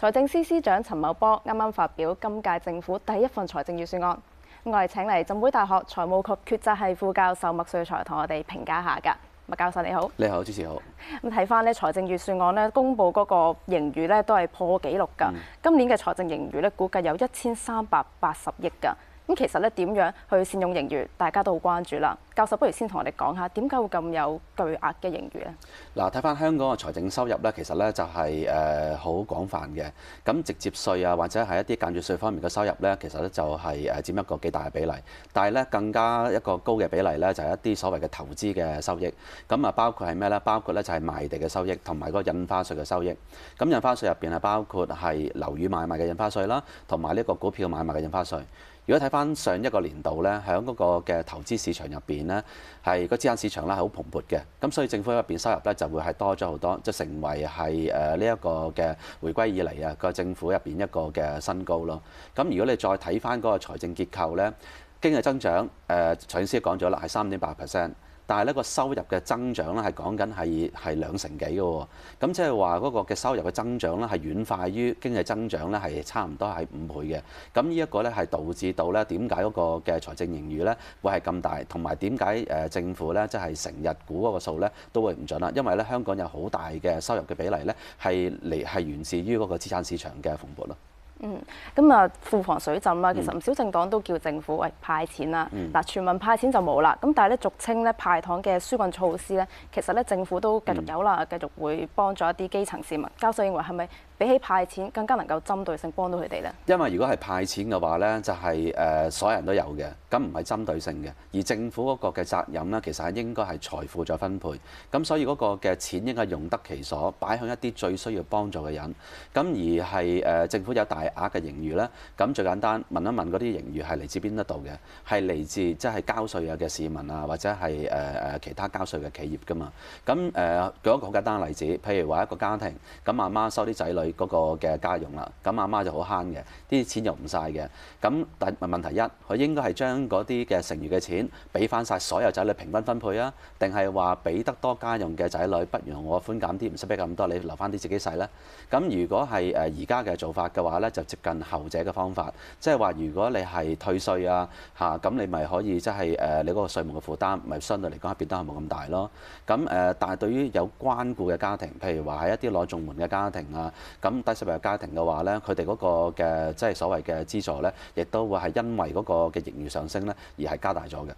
財政司司長陳茂波啱啱發表今屆政府第一份財政預算案，我哋請嚟浸會大學財務及決策系副教授麥萃才同我哋評價下㗎。麥教授你好，你好，主持好。咁睇翻咧財政預算案咧，公布嗰個盈餘咧都係破紀錄㗎。嗯。今年嘅財政盈餘咧估計有一千三百八十億㗎。咁其實咧點樣去善用盈餘，大家都好關注啦。教授，不如先同我哋講下點解會咁有巨額嘅盈餘咧？嗱，睇翻香港嘅財政收入咧，其實咧就係誒好廣泛嘅。咁直接稅啊，或者係一啲間接稅方面嘅收入咧，其實咧就係誒佔一個幾大嘅比例。但係咧更加一個高嘅比例咧，就係一啲所謂嘅投資嘅收益。咁啊，包括係咩咧？包括咧就係賣地嘅收益，同埋嗰個印花稅嘅收益。咁印花稅入邊係包括係樓宇買賣嘅印花稅啦，同埋呢個股票買賣嘅印花稅。如果睇翻上一個年度咧，響嗰個嘅投資市場入邊，咧係個資產市場咧係好蓬勃嘅，咁所以政府入邊收入咧就會係多咗好多，即係成為係誒呢一個嘅回歸以嚟啊個政府入邊一個嘅新高咯。咁如果你再睇返嗰個財政結構咧，經濟增長誒財政司講咗啦，係三點八 percent。但係呢個收入嘅增長咧係講緊係係兩成幾嘅喎，咁即係話嗰個嘅收入嘅增長咧係遠快於經濟增長咧係差唔多係五倍嘅，咁呢一個咧係導致到咧點解嗰個嘅財政盈餘咧會係咁大，同埋點解誒政府咧即係成日估嗰個數咧都會唔準啦，因為咧香港有好大嘅收入嘅比例咧係嚟係源自於嗰個資產市場嘅蓬勃咯。嗯，咁啊，庫房水浸啊，其實唔少政黨都叫政府喂派錢啦。嗱、嗯，全民派錢就冇啦。咁但係咧，俗稱咧派糖嘅舒運措施咧紓困，其實咧政府都繼續有啦，繼、嗯、續會幫助一啲基層市民。教授認為係咪比起派錢更加能夠針對性幫到佢哋咧？因為如果係派錢嘅話咧，就係、是、誒所有人都有嘅，咁唔係針對性嘅。而政府嗰個嘅責任咧，其實係應該係財富再分配。咁所以嗰個嘅錢應該用得其所，擺向一啲最需要幫助嘅人。咁而係誒政府有大額嘅盈餘咧，咁最簡單問一問，嗰啲盈餘係嚟自邊一度嘅？係嚟自即係、就是、交稅啊嘅市民啊，或者係誒誒其他交稅嘅企業噶嘛？咁誒、呃、舉一個好簡單嘅例子，譬如話一個家庭，咁阿媽，媽收啲仔女嗰個嘅家用啦，咁阿媽，媽就好慳嘅，啲錢用唔晒嘅。咁但問問題一，佢應該係將嗰啲嘅剩餘嘅錢俾翻晒所有仔女平均分配啊？定係話俾得多家用嘅仔女，不如我寬減啲，唔使俾咁多，你留翻啲自己使啦？咁如果係誒而家嘅做法嘅話咧？就接近後者嘅方法，即係話如果你係退稅啊嚇，咁、啊、你咪可以即係誒你嗰個稅務嘅負擔，咪相對嚟講係變得冇咁大咯。咁、啊、誒，但係對於有關顧嘅家庭，譬如話喺一啲攞綜援嘅家庭啊，咁低收入家庭嘅話咧，佢哋嗰個嘅即係所謂嘅資助咧，亦都會係因為嗰個嘅盈餘上升咧，而係加大咗嘅。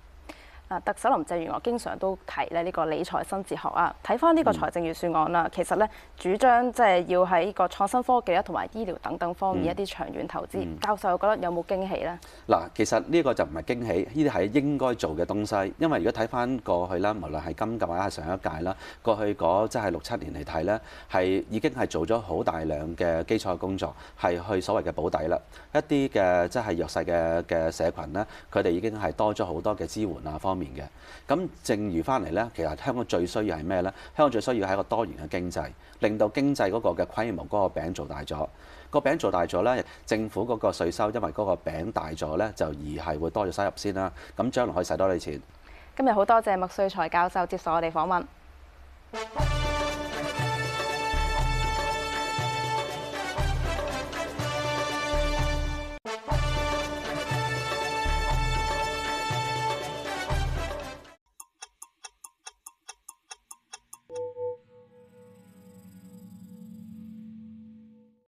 特首林鄭月娥我經常都提咧呢個理財新哲學啊。睇翻呢個財政預算案啦、嗯，其實咧主張即係要喺個創新科技啊同埋醫療等等方面一啲長遠投資、嗯。教授又覺得有冇驚喜呢？嗱，其實呢個就唔係驚喜，呢啲係應該做嘅東西。因為如果睇翻過去啦，無論係今屆或者係上一屆啦，過去嗰即係六七年嚟睇咧，係已經係做咗好大量嘅基礎嘅工作，係去所謂嘅保底啦。一啲嘅即係弱勢嘅嘅社群咧，佢哋已經係多咗好多嘅支援啊方面。嘅，咁正如翻嚟呢，其實香港最需要係咩呢？香港最需要係一個多元嘅經濟，令到經濟嗰個嘅規模嗰個餅做大咗，個餅做大咗呢，政府嗰個稅收因為嗰個餅大咗呢，就而係會多咗收入先啦，咁將來可以使多啲錢。今日好多謝麥萃才教授接受我哋訪問。